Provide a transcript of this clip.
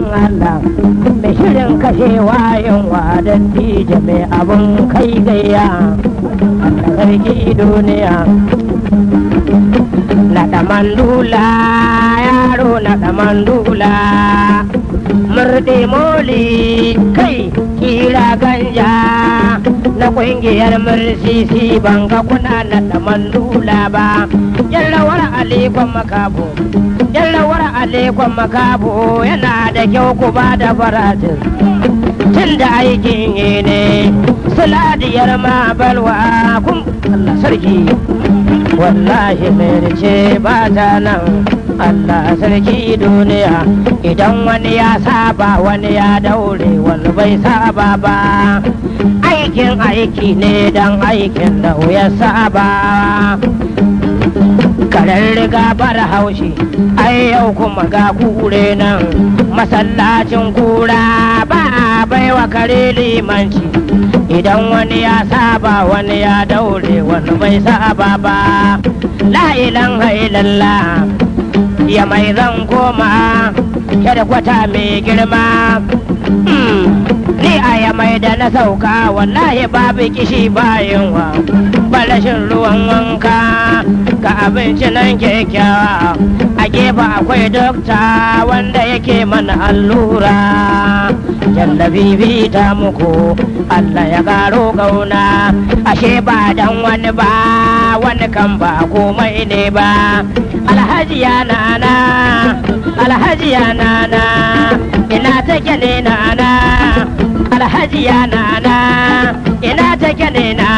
Allah da shirin kashewa yunwa don dije mai abun kai gaya sarki duniya na mandula yaro na mandula murɗe moli kai kira ga na kungiyar mursisi ban ga kuna na daman dula ba yallawar alikon makabo yallawar alikon makabo yana da kyau ku ba da faratin tun da aikin yi ne suladiyar ma balwa kun Allah sarki wallahi ce ba ta nan Allah sarki duniya idan wani ya saba wani ya daure wani bai saba ba aikin aiki ne don aikin da wuya saba karen riga fara haushi ai yau kuma ga kure nan masallacin kura ba baiwa kare limanci idan wani ya saba wani ya daure wani bai saba ba la'ilan hailalla ya mai zan koma kyar kwata mai girma hmm, ni a kai da na sauka wallahi babu kishi bayan wa balashin ruwan wanka ga abinci nan kyakkyawa a gefe akwai dokta wanda yake mana allura jallabi ta muku allah ya karo gauna ashe ba dan wani ba wani kan ba komai ne ba alhaji ya nana alhaji ya nana ina take ne hajiya nana ina take ne na